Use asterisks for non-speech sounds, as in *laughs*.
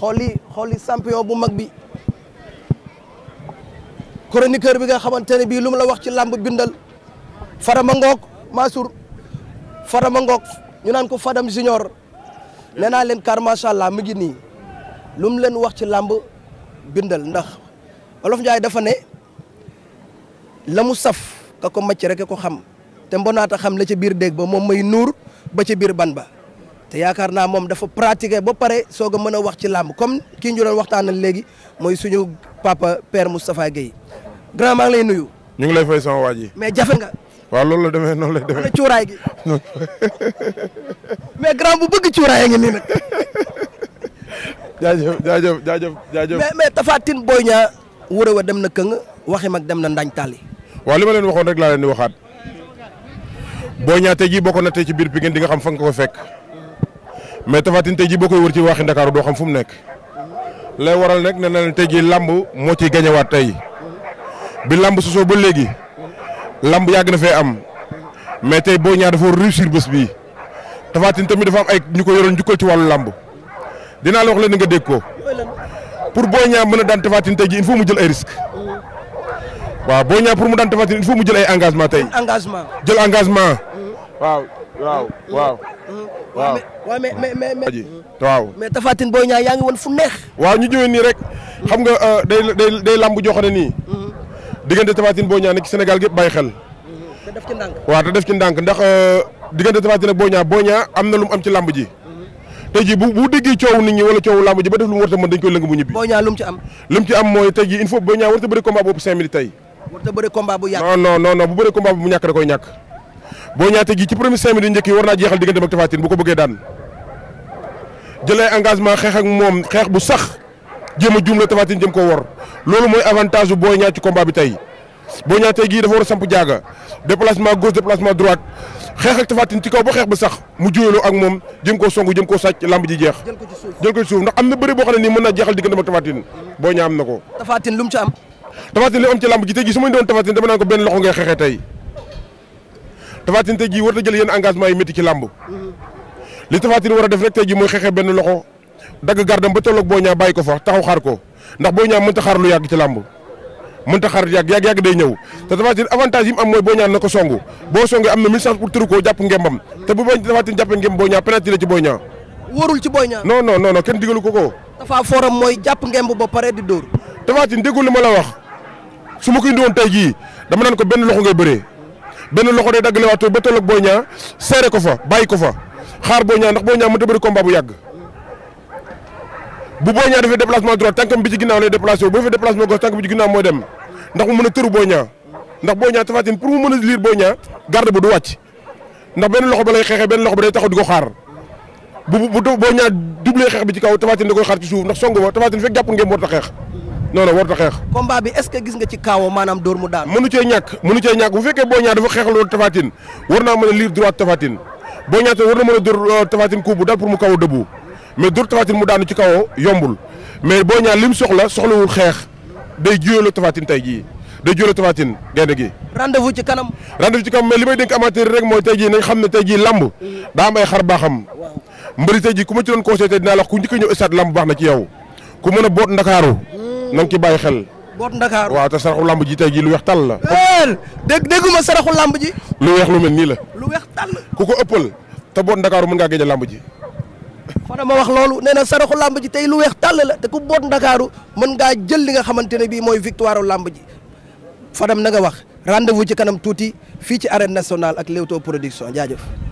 xooli xooli champion bu mag bi chroniqueur bi nga xamante ne bii lum la wax ci làmb bindal Fadama Ngoog Massour Fadama Ngoog ñu naan ko Fadam Junior nee naa leen car macha allah mu ngi nii lu leen wax ci làmb bindal ndax Olof Njaay dafa ne la mu saf ka ko macc rek ko xam te mbonaata xam la ca biir dég ba moom may nuur ba ca biir ban ba te yaakaar naa moom dafa pratiquer ba pare soo a mën a wax ci làmb comme kii ñu waxtaan a léegi mooy suñu papa père Moustapha Guèye grand maa ngi lay nuyu. ñu ngi lay fay sama waa yi mais jafe nga. waaw loolu la demee noonu la demee wala cuuraay gi. *laughs* mais grand bu bëgg cuuraay ngi nii nag. jaajëf jaajëf jaajëf jaajëf. mais mais wa dem na këng waxi mag dem na ndañ tàlli. waaw li ma leen waxoon rek laa leen di waxaat Boy Niang tey jii bokk na tey ci biir Pikine di nga xam fan nga ko fekk. mais Tapha tey ji boo koy wër ci waxi Ndakaaru doo xam fu nekk lay waral nag ne na tey jii lamb moo ciy gañewaat tey bi lamb sosoo ba léegi lamb yàgg na fee am mais tey boo ñaar foo war réussir bés bii Tapha tamit dafa ay ñu ko yoroon njukkal ci wàllu lamb dinaa la wax leen nga dégg ko pour boo ñaar mën a daan Tapha tey jii il faut mu jël ay risques. waaw boo ñaar pour mu daan Tapha Tine il mu jël ay engagement tey. engagement jël engagement. Mm-hmm. waaw waaw mm-hmm. waaw. Mm-hmm. waaw waaw mais mais mais. waaw mm-hmm. mais Tapha Tine Boy Niang yaa ngi woon fu neex. waaw ñu ñëwee nii rek. xam nga euh, day day day lamb joxone nii. diggante Tapha Tine Boy Niang nekk Sénégal gépp bàyyi xel. te def ci ndànk. waaw te def ndax euh, diggante Tapha Tine ak Boy Niang am na lu mu am ci lamb ji. tey jii bu bu déggee coow nit ñi wala lamb ji ba def lu mu mën dañ koy lëng mu ñibbi. Boy ci am. lu ci am mooy tey jii il faut Boy Niang war boobu cinq minutes tey. war a bëri bu yàgg. non bu bëri combat koy ñàkk boo Niang tey jii ci premier cinq minutes njëkk yi war naa jeexal diggante ak Tapha engagement xeex moom xeex bu sax jéem a juumle Tapha Tine jëm koo wor loolu mooy avantage bu Boy Niang ci combat tey Boy Niang tey jii dafa a samp jaaga déplacement gauche déplacement droite xeex ak Tapha Tine ci kaw ba xeex ba sax mu juyaloo ak moom jëm koo song jëm koo sàcc lamb ji ko ci suuf ndax na bëri boo xam ne nii mën naa jeexal diggante ak Tapha Tine Boy Niang am na ko. Tapha Tine lu mu dama naan ko benn loxo ngay xeexee tey Tapha Tine tey jii war na jël yenn engagement yi métti ci làmb li Tapha Tine war a def rek tey jii mooy xeexee benn loxo dagg gardam ba tolloog Boy bàyyi ko fa taxaw xaar ko ndax Boy Niang mënta xaar lu yàgg ci làmb mënta xaar yàgg yàgg yàgg ñëw te Tapha avantage yi mu am mooy Boy Niang ko songu boo songee am na mille chance pour tëru ko jàpp ngembam te bu bañ Tapha Tine jàppee ngem Boy Niang penalty la ci Boy Niang wóorul ci Boy Niang non kenn digalu ko ko dafa forum mooy jàpp ba pare wax su ma ko indi woon tey jii ko benn loxo ngay benn loxo day dagg lewaatoo ba toll boo Boy Niang seere ko fa bàyyi ko fa xaar Boy Niang ndax boo Niang mënut a bëri combat bu yàgg. bu Boy Niang defee déplacement droit tànkam bi ci ginnaaw lay déplacé wu bu defee déplacement gauche tànk bi ci ginnaaw mooy dem ndax mu mën a boo Boy Niang ndax Boy Niang Tapha Tine pour mu mën a liir Boy Niang garde bu du wàcc ndax benn loxo ba lay xeexee benn loxo ba day taxaw di ko xaar bu bu Boy Niang doublé xeex bi ci kaw Tapha Tine da koy xaar ndax song ba Tapha Tine fekk jàpp a xeex non non warut a xeex. combat bi est-ce que gis nga ci kaawoo maanaam dóor mu daan. mënu cee ñàkk mënu cee ñàkk bu fekkee boo ñaar dafa xeexal woon war naa mën a liir droit tafatin boo ñaata war na mën a dóor euh, tafatin coup bu dal pour mu kaw dëbbu mais dóor tafatin mu daanu ci kawoo yombul mais boo ñaar lim soxla soxlawul xeex day jiyaloo tafatin tey jii day jiyaloo tafatin gaynde gi. rendez-vous ci kanam. rendez-vous ci kanam mais li may dénk amateur xam ne tey jii lamb daa am ay xar baaxam mbëri tey jii ku ma ci la ku njëkk ñëw stade lamb baax na ci yow a boot ndakaaru na nga ci bàyyi xel. boot Ndakaaru waaw te saraxu lamb ji tey jii lu weex tàll la. dégg dégguma saraxu lamb ji. lu weex lu mel nii la. lu weex tàll. ku ko ëppal te boot Ndakaaru mën ngaa géej lamb ji. Fada ma wax loolu nee na saraxu lamb ji tey lu weex tàll la te ku boot Ndakaaru mën ngaa jël li nga xamante ne bii mooy victoire lamb ji Fadam nanga wax rendez-vous ci kanam tuuti fii ci arène national ak Leewtoo production jaajëf.